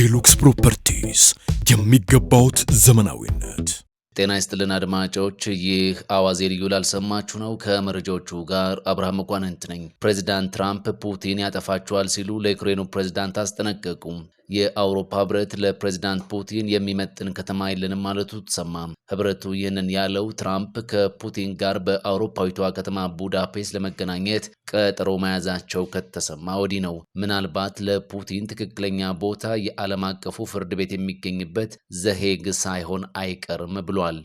ዴሉክስ ፕሮፐርቲስ የሚገባውት ዘመናዊነት። ጤና ይስጥልን አድማጮች፣ ይህ አዋዜ ልዩ ላልሰማችሁ ነው። ከመረጃዎቹ ጋር አብርሃም መኳንንት ነኝ። ፕሬዚዳንት ትራምፕ ፑቲን ያጠፋችኋል ሲሉ ለዩክሬኑ ፕሬዚዳንት አስጠነቀቁ። የአውሮፓ ህብረት ለፕሬዚዳንት ፑቲን የሚመጥን ከተማ የለንም ማለቱ ተሰማ። ህብረቱ ይህንን ያለው ትራምፕ ከፑቲን ጋር በአውሮፓዊቷ ከተማ ቡዳፔስት ለመገናኘት ቀጠሮ መያዛቸው ከተሰማ ወዲህ ነው። ምናልባት ለፑቲን ትክክለኛ ቦታ የዓለም አቀፉ ፍርድ ቤት የሚገኝበት ዘሄግ ሳይሆን አይቀርም ብሏል።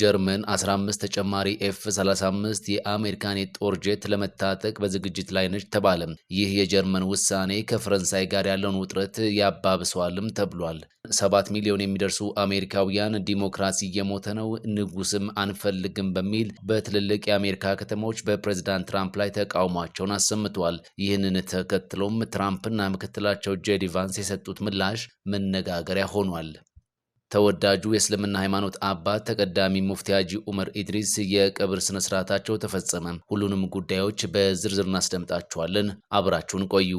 ጀርመን 15 ተጨማሪ ኤፍ 35 የአሜሪካን የጦር ጄት ለመታጠቅ በዝግጅት ላይ ነች ተባለ። ይህ የጀርመን ውሳኔ ከፈረንሳይ ጋር ያለውን ውጥረት ያባብሰዋልም ተብሏል። ሰባት ሚሊዮን የሚደርሱ አሜሪካውያን ዲሞክራሲ እየሞተ ነው፣ ንጉስም አንፈልግም በሚል በትልልቅ የአሜሪካ ከተሞች በፕሬዚዳንት ትራምፕ ላይ ተቃውሟቸውን አሰምተዋል። ይህንን ተከትሎም ትራምፕና ምክትላቸው ጄዲ ቫንስ የሰጡት ምላሽ መነጋገሪያ ሆኗል። ተወዳጁ የእስልምና ሃይማኖት አባት ተቀዳሚ ሙፍቲ ሀጂ ኡመር ኢድሪስ የቀብር ስነ ስርዓታቸው ተፈጸመ። ሁሉንም ጉዳዮች በዝርዝር እናስደምጣችኋለን። አብራችሁን ቆዩ።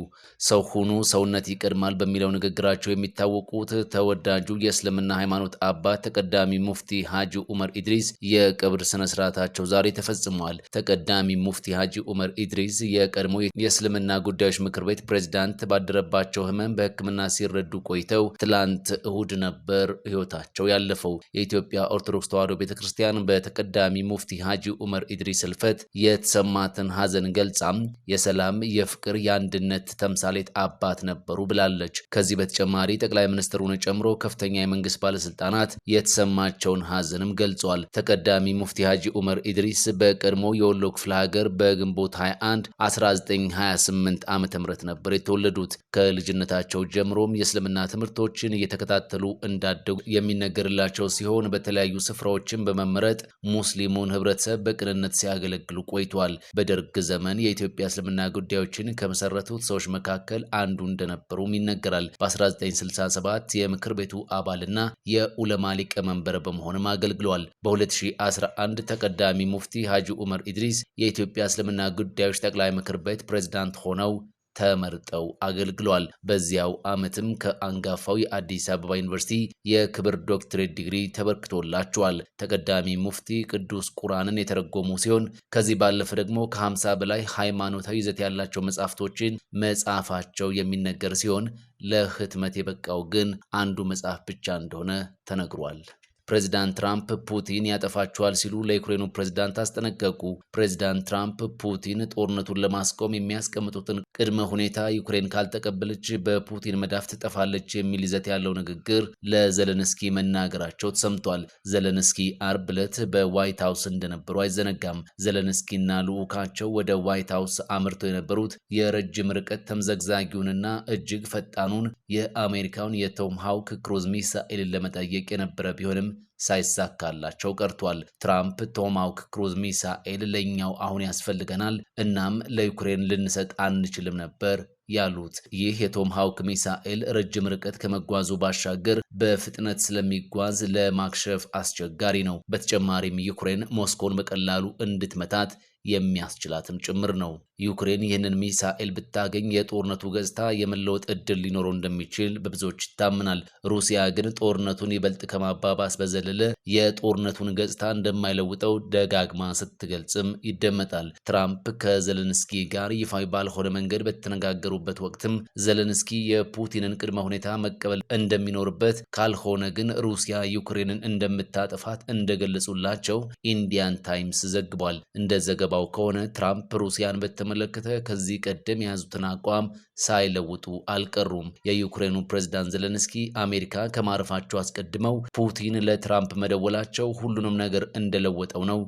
ሰው ሁኑ፣ ሰውነት ይቀድማል በሚለው ንግግራቸው የሚታወቁት ተወዳጁ የእስልምና ሃይማኖት አባት ተቀዳሚ ሙፍቲ ሀጂ ኡመር ኢድሪስ የቀብር ስነ ስርዓታቸው ዛሬ ተፈጽመዋል። ተቀዳሚ ሙፍቲ ሀጂ ኡመር ኢድሪስ የቀድሞ የእስልምና ጉዳዮች ምክር ቤት ፕሬዝዳንት ባደረባቸው ህመም በሕክምና ሲረዱ ቆይተው ትላንት እሁድ ነበር ህይወታቸው ያለፈው የኢትዮጵያ ኦርቶዶክስ ተዋሕዶ ቤተ ክርስቲያን በተቀዳሚ ሙፍቲ ሐጂ ዑመር ኢድሪስ ህልፈት የተሰማትን ሐዘን ገልጻም የሰላም፣ የፍቅር፣ የአንድነት ተምሳሌት አባት ነበሩ ብላለች። ከዚህ በተጨማሪ ጠቅላይ ሚኒስትሩን ጨምሮ ከፍተኛ የመንግስት ባለስልጣናት የተሰማቸውን ሐዘንም ገልጿል። ተቀዳሚ ሙፍቲ ሐጂ ዑመር ኢድሪስ በቀድሞ የወሎ ክፍለ ሀገር በግንቦት 21 1928 ዓ ም ነበር የተወለዱት። ከልጅነታቸው ጀምሮም የእስልምና ትምህርቶችን እየተከታተሉ እንዳደጉ የሚነገርላቸው ሲሆን በተለያዩ ስፍራዎችን በመመረጥ ሙስሊሙን ህብረተሰብ በቅንነት ሲያገለግሉ ቆይቷል። በደርግ ዘመን የኢትዮጵያ እስልምና ጉዳዮችን ከመሰረቱት ሰዎች መካከል አንዱ እንደነበሩም ይነገራል። በ1967 የምክር ቤቱ አባልና የኡለማ ሊቀመንበር በመሆንም አገልግሏል። በ2011 ተቀዳሚ ሙፍቲ ሀጂ ኡመር ኢድሪስ የኢትዮጵያ እስልምና ጉዳዮች ጠቅላይ ምክር ቤት ፕሬዝዳንት ሆነው ተመርጠው አገልግሏል። በዚያው ዓመትም ከአንጋፋው የአዲስ አበባ ዩኒቨርሲቲ የክብር ዶክትሬት ዲግሪ ተበርክቶላቸዋል። ተቀዳሚ ሙፍቲ ቅዱስ ቁርአንን የተረጎሙ ሲሆን ከዚህ ባለፈ ደግሞ ከ50 በላይ ሃይማኖታዊ ይዘት ያላቸው መጽሐፍቶችን መጻፋቸው የሚነገር ሲሆን ለህትመት የበቃው ግን አንዱ መጽሐፍ ብቻ እንደሆነ ተነግሯል። ፕሬዚዳንት ትራምፕ ፑቲን ያጠፋቸዋል ሲሉ ለዩክሬኑ ፕሬዚዳንት አስጠነቀቁ። ፕሬዚዳንት ትራምፕ ፑቲን ጦርነቱን ለማስቆም የሚያስቀምጡትን ቅድመ ሁኔታ ዩክሬን ካልተቀበለች በፑቲን መዳፍ ትጠፋለች የሚል ይዘት ያለው ንግግር ለዘለንስኪ መናገራቸው ተሰምቷል። ዘለንስኪ አርብ ዕለት በዋይት ሀውስ እንደነበሩ አይዘነጋም። ዘለንስኪና ልዑካቸው ወደ ዋይት ሀውስ አምርተው የነበሩት የረጅም ርቀት ተምዘግዛጊውንና እጅግ ፈጣኑን የአሜሪካውን የቶም ሃውክ ክሩዝ ሚሳኤልን ለመጠየቅ የነበረ ቢሆንም ሳይሳካላቸው ቀርቷል። ትራምፕ ቶማውክ ክሩዝ ሚሳኤል ለእኛው አሁን ያስፈልገናል፣ እናም ለዩክሬን ልንሰጥ አንችልም ነበር ያሉት ይህ የቶም ሀውክ ሚሳኤል ረጅም ርቀት ከመጓዙ ባሻገር በፍጥነት ስለሚጓዝ ለማክሸፍ አስቸጋሪ ነው። በተጨማሪም ዩክሬን ሞስኮን በቀላሉ እንድትመታት የሚያስችላትም ጭምር ነው። ዩክሬን ይህንን ሚሳኤል ብታገኝ የጦርነቱ ገጽታ የመለወጥ እድል ሊኖረው እንደሚችል በብዙዎች ይታምናል። ሩሲያ ግን ጦርነቱን ይበልጥ ከማባባስ በዘለለ የጦርነቱን ገጽታ እንደማይለውጠው ደጋግማ ስትገልጽም ይደመጣል። ትራምፕ ከዘለንስኪ ጋር ይፋዊ ባልሆነ መንገድ በተነጋገሩበት ወቅትም ዘለንስኪ የፑቲንን ቅድመ ሁኔታ መቀበል እንደሚኖርበት ካልሆነ ግን ሩሲያ ዩክሬንን እንደምታጠፋት እንደገለጹላቸው ኢንዲያን ታይምስ ዘግቧል። እንደ ዘገባው እንደሚገባው ከሆነ ትራምፕ ሩሲያን በተመለከተ ከዚህ ቀደም የያዙትን አቋም ሳይለውጡ አልቀሩም። የዩክሬኑ ፕሬዝዳንት ዘለንስኪ አሜሪካ ከማረፋቸው አስቀድመው ፑቲን ለትራምፕ መደወላቸው ሁሉንም ነገር እንደለወጠው ነው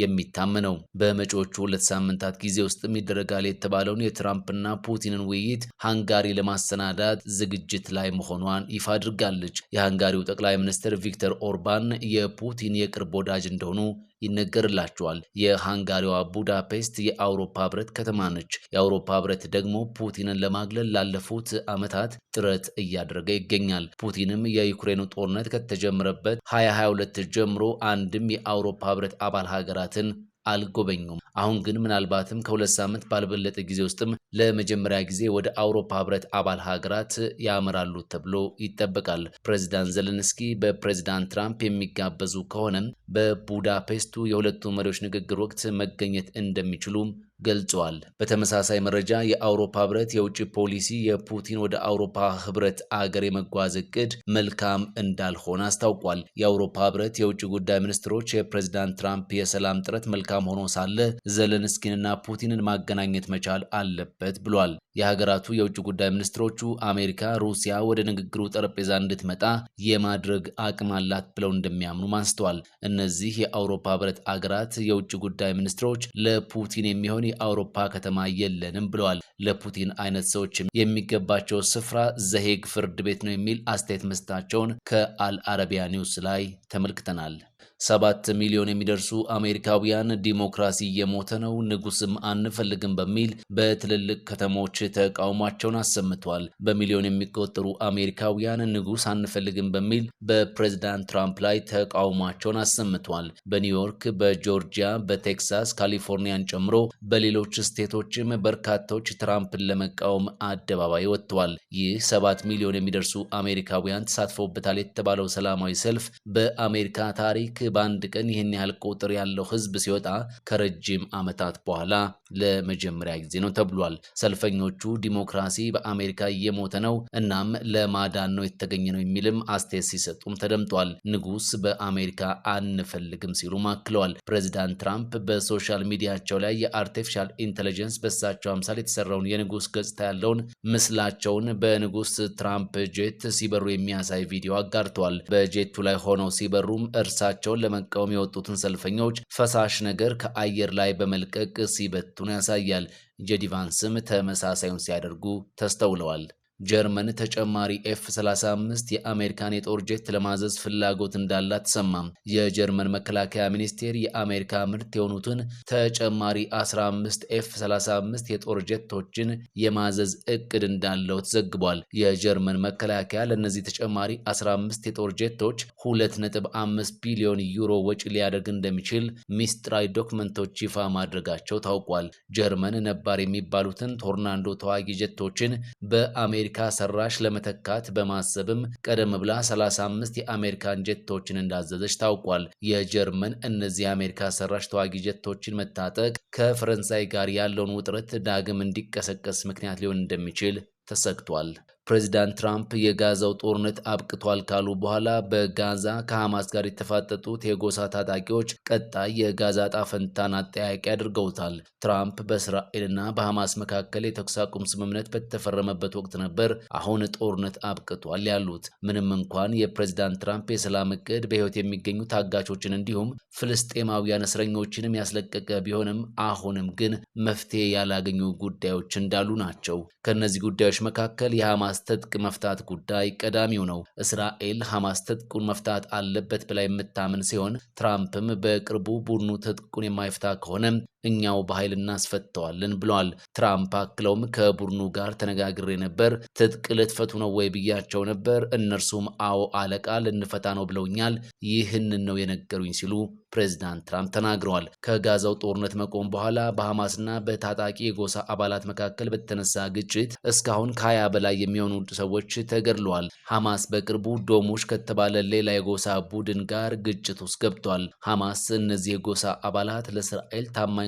የሚታመነው በመጪዎቹ ሁለት ሳምንታት ጊዜ ውስጥም ይደረጋል የተባለውን የትራምፕና ፑቲንን ውይይት ሃንጋሪ ለማሰናዳት ዝግጅት ላይ መሆኗን ይፋ አድርጋለች። የሃንጋሪው ጠቅላይ ሚኒስትር ቪክተር ኦርባን የፑቲን የቅርብ ወዳጅ እንደሆኑ ይነገርላቸዋል። የሃንጋሪዋ ቡዳፔስት የአውሮፓ ህብረት ከተማ ነች። የአውሮፓ ህብረት ደግሞ ፑቲንን ለማግለል ላለፉት ዓመታት ጥረት እያደረገ ይገኛል። ፑቲንም የዩክሬኑ ጦርነት ከተጀመረበት 2022 ጀምሮ አንድም የአውሮፓ ህብረት አባል ሀገራትን አልጎበኙም። አሁን ግን ምናልባትም ከሁለት ሳምንት ባልበለጠ ጊዜ ውስጥም ለመጀመሪያ ጊዜ ወደ አውሮፓ ህብረት አባል ሀገራት ያመራሉ ተብሎ ይጠበቃል። ፕሬዚዳንት ዘለንስኪ በፕሬዚዳንት ትራምፕ የሚጋበዙ ከሆነም በቡዳፔስቱ የሁለቱ መሪዎች ንግግር ወቅት መገኘት እንደሚችሉ ገልጸዋል። በተመሳሳይ መረጃ የአውሮፓ ህብረት የውጭ ፖሊሲ የፑቲን ወደ አውሮፓ ህብረት አገር የመጓዝ እቅድ መልካም እንዳልሆነ አስታውቋል። የአውሮፓ ህብረት የውጭ ጉዳይ ሚኒስትሮች የፕሬዚዳንት ትራምፕ የሰላም ጥረት መልካም ሆኖ ሳለ ዘለንስኪንና ፑቲንን ማገናኘት መቻል አለበት ብሏል። የሀገራቱ የውጭ ጉዳይ ሚኒስትሮቹ አሜሪካ ሩሲያ ወደ ንግግሩ ጠረጴዛ እንድትመጣ የማድረግ አቅም አላት ብለው እንደሚያምኑም አንስተዋል። እነዚህ የአውሮፓ ህብረት አገራት የውጭ ጉዳይ ሚኒስትሮች ለፑቲን የሚሆን የአውሮፓ ከተማ የለንም ብለዋል። ለፑቲን አይነት ሰዎች የሚገባቸው ስፍራ ዘሄግ ፍርድ ቤት ነው የሚል አስተያየት መስጠታቸውን ከአልአረቢያ ኒውስ ላይ ተመልክተናል። ሰባት ሚሊዮን የሚደርሱ አሜሪካውያን ዲሞክራሲ እየሞተ ነው፣ ንጉስም አንፈልግም በሚል በትልልቅ ከተሞች ተቃውሟቸውን አሰምተዋል። በሚሊዮን የሚቆጠሩ አሜሪካውያን ንጉስ አንፈልግም በሚል በፕሬዚዳንት ትራምፕ ላይ ተቃውሟቸውን አሰምተዋል። በኒውዮርክ፣ በጆርጂያ፣ በቴክሳስ፣ ካሊፎርኒያን ጨምሮ በሌሎች ስቴቶችም በርካታዎች ትራምፕን ለመቃወም አደባባይ ወጥተዋል። ይህ ሰባት ሚሊዮን የሚደርሱ አሜሪካውያን ተሳትፈውበታል የተባለው ሰላማዊ ሰልፍ በአሜሪካ ታሪክ ታሪክ በአንድ ቀን ይህን ያህል ቁጥር ያለው ህዝብ ሲወጣ ከረጅም ዓመታት በኋላ ለመጀመሪያ ጊዜ ነው ተብሏል። ሰልፈኞቹ ዲሞክራሲ በአሜሪካ እየሞተ ነው፣ እናም ለማዳን ነው የተገኘ ነው የሚልም አስተያየት ሲሰጡም ተደምጧል። ንጉስ በአሜሪካ አንፈልግም ሲሉም አክለዋል። ፕሬዚዳንት ትራምፕ በሶሻል ሚዲያቸው ላይ የአርቲፊሻል ኢንቴሊጀንስ በሳቸው አምሳል የተሰራውን የንጉስ ገጽታ ያለውን ምስላቸውን በንጉስ ትራምፕ ጄት ሲበሩ የሚያሳይ ቪዲዮ አጋርተዋል። በጄቱ ላይ ሆነው ሲበሩም እርሳቸውን ለመቃወም የወጡትን ሰልፈኞች ፈሳሽ ነገር ከአየር ላይ በመልቀቅ ሲበት ሁለቱን ያሳያል። ጄዲቫንስም ተመሳሳዩን ሲያደርጉ ተስተውለዋል። ጀርመን ተጨማሪ ኤፍ 35 የአሜሪካን የጦር ጄት ለማዘዝ ፍላጎት እንዳላት ተሰማ። የጀርመን መከላከያ ሚኒስቴር የአሜሪካ ምርት የሆኑትን ተጨማሪ 15 ኤፍ 35 የጦር ጀቶችን የማዘዝ እቅድ እንዳለው ተዘግቧል። የጀርመን መከላከያ ለእነዚህ ተጨማሪ 15 የጦር ጀቶች 2.5 ቢሊዮን ዩሮ ወጪ ሊያደርግ እንደሚችል ሚስጥራዊ ዶክመንቶች ይፋ ማድረጋቸው ታውቋል። ጀርመን ነባር የሚባሉትን ቶርናንዶ ተዋጊ ጀቶችን በአሜሪ የአሜሪካ ሰራሽ ለመተካት በማሰብም ቀደም ብላ 35 የአሜሪካን ጀቶችን እንዳዘዘች ታውቋል። የጀርመን እነዚህ የአሜሪካ ሰራሽ ተዋጊ ጀቶችን መታጠቅ ከፈረንሳይ ጋር ያለውን ውጥረት ዳግም እንዲቀሰቀስ ምክንያት ሊሆን እንደሚችል ተሰግቷል። ፕሬዚዳንት ትራምፕ የጋዛው ጦርነት አብቅቷል ካሉ በኋላ በጋዛ ከሐማስ ጋር የተፋጠጡት የጎሳ ታጣቂዎች ቀጣይ የጋዛ ጣፈንታን ፈንታን አጠያቂ አድርገውታል። ትራምፕ በእስራኤልና በሐማስ መካከል የተኩስ አቁም ስምምነት በተፈረመበት ወቅት ነበር አሁን ጦርነት አብቅቷል ያሉት። ምንም እንኳን የፕሬዚዳንት ትራምፕ የሰላም እቅድ በሕይወት የሚገኙ ታጋቾችን እንዲሁም ፍልስጤማውያን እስረኞችንም ያስለቀቀ ቢሆንም አሁንም ግን መፍትሄ ያላገኙ ጉዳዮች እንዳሉ ናቸው። ከእነዚህ ጉዳዮች መካከል የሐማስ የሐማስ ትጥቅ መፍታት ጉዳይ ቀዳሚው ነው። እስራኤል ሐማስ ትጥቁን መፍታት አለበት ብላ የምታምን ሲሆን ትራምፕም በቅርቡ ቡድኑ ትጥቁን የማይፍታ ከሆነ እኛው በኃይል እናስፈተዋለን ብለዋል። ትራምፕ አክለውም ከቡድኑ ጋር ተነጋግሬ ነበር። ትጥቅ ልትፈቱ ነው ወይ ብያቸው ነበር። እነርሱም አዎ አለቃ ልንፈታ ነው ብለውኛል። ይህንን ነው የነገሩኝ ሲሉ ፕሬዚዳንት ትራምፕ ተናግረዋል። ከጋዛው ጦርነት መቆም በኋላ በሐማስና በታጣቂ የጎሳ አባላት መካከል በተነሳ ግጭት እስካሁን ከሀያ በላይ የሚሆኑ ሰዎች ተገድለዋል። ሐማስ በቅርቡ ዶሙሽ ከተባለ ሌላ የጎሳ ቡድን ጋር ግጭት ውስጥ ገብቷል። ሐማስ እነዚህ የጎሳ አባላት ለእስራኤል ታማኝ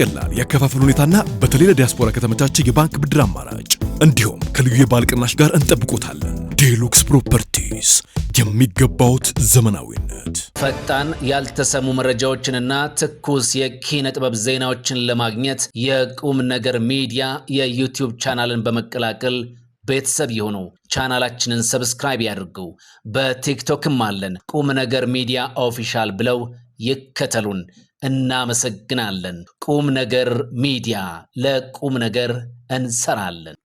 በቀላል ያከፋፈል ሁኔታና በተለይ ለዲያስፖራ ከተመቻቸ የባንክ ብድር አማራጭ እንዲሁም ከልዩ የባለ ቅናሽ ጋር እንጠብቆታለን። ዴሉክስ ፕሮፐርቲስ የሚገባውት ዘመናዊነት፣ ፈጣን ያልተሰሙ መረጃዎችንና ትኩስ የኪነ ጥበብ ዜናዎችን ለማግኘት የቁም ነገር ሚዲያ የዩቲዩብ ቻናልን በመቀላቀል ቤተሰብ የሆኑ ቻናላችንን ሰብስክራይብ ያድርጉ። በቲክቶክም አለን። ቁም ነገር ሚዲያ ኦፊሻል ብለው ይከተሉን። እናመሰግናለን። ቁም ነገር ሚዲያ ለቁም ነገር እንሰራለን።